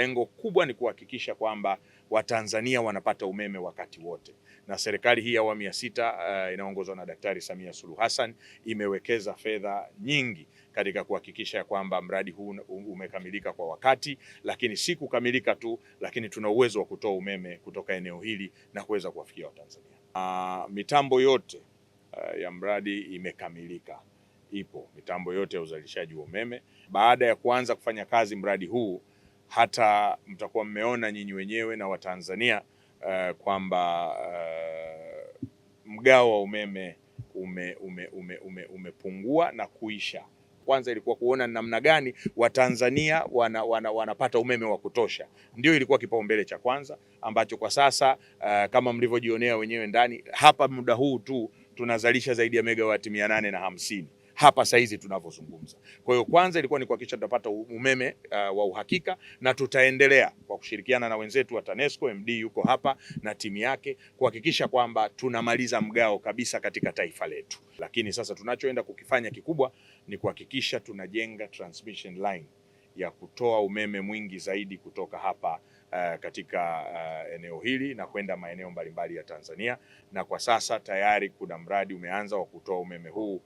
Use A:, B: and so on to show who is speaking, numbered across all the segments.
A: Lengo kubwa ni kuhakikisha kwamba Watanzania wanapata umeme wakati wote, na serikali hii ya awamu ya sita uh, inaongozwa na Daktari Samia Suluhu Hassan imewekeza fedha nyingi katika kuhakikisha kwamba mradi huu umekamilika kwa wakati, lakini si kukamilika tu, lakini tuna uwezo wa kutoa umeme kutoka eneo hili na kuweza kuwafikia Watanzania. Uh, mitambo yote uh, ya mradi imekamilika, ipo mitambo yote ya uzalishaji wa umeme. Baada ya kuanza kufanya kazi mradi huu hata mtakuwa mmeona nyinyi wenyewe na Watanzania uh, kwamba uh, mgao wa umeme ume, ume, ume, ume, umepungua na kuisha. Kwanza ilikuwa kuona namna gani Watanzania wana, wana, wanapata umeme wa kutosha, ndio ilikuwa kipaumbele cha kwanza ambacho kwa sasa uh, kama mlivyojionea wenyewe ndani hapa, muda huu tu tunazalisha zaidi ya megawati mia nane na hamsini hapa saizi tunavyozungumza. Kwa hiyo kwanza ilikuwa ni kuhakikisha tutapata umeme uh, wa uhakika na tutaendelea kwa kushirikiana na wenzetu wa TANESCO, MD yuko hapa na timu yake kuhakikisha kwamba tunamaliza mgao kabisa katika taifa letu. Lakini sasa tunachoenda kukifanya kikubwa ni kuhakikisha tunajenga transmission line ya kutoa umeme mwingi zaidi kutoka hapa uh, katika uh, eneo hili na kwenda maeneo mbalimbali ya Tanzania, na kwa sasa tayari kuna mradi umeanza wa kutoa umeme huu uh,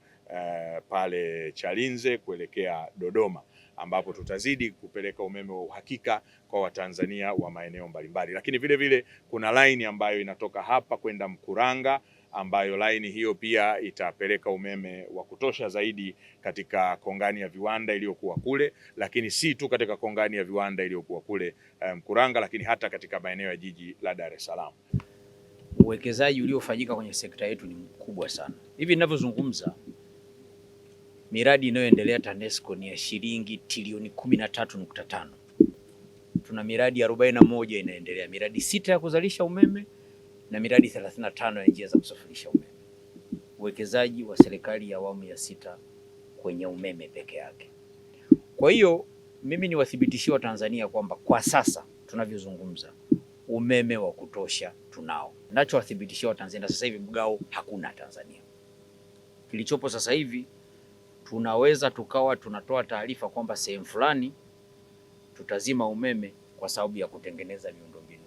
A: pale Chalinze kuelekea Dodoma ambapo tutazidi kupeleka umeme wa uhakika kwa Watanzania wa maeneo mbalimbali, lakini vile vile kuna laini ambayo inatoka hapa kwenda Mkuranga ambayo laini hiyo pia itapeleka umeme wa kutosha zaidi katika kongani ya viwanda iliyokuwa kule, lakini si tu katika kongani ya viwanda iliyokuwa kule Mkuranga, um, lakini hata katika maeneo ya jiji la Dar es Salaam.
B: Uwekezaji uliofanyika kwenye sekta yetu ni mkubwa sana. Hivi ninavyozungumza, miradi inayoendelea TANESCO ni ya shilingi trilioni 13.5. Tuna miradi 41 inaendelea, miradi sita ya kuzalisha umeme na miradi 35 ya njia za kusafirisha umeme. Uwekezaji wa serikali ya awamu ya sita kwenye umeme peke yake. Kwa hiyo mimi niwathibitishie Watanzania kwamba kwa sasa tunavyozungumza umeme wa kutosha tunao. Nachowathibitishia Watanzania sasa hivi mgao hakuna Tanzania. Kilichopo sasa hivi tunaweza tukawa tunatoa taarifa kwamba sehemu fulani tutazima umeme kwa sababu ya kutengeneza miundombinu.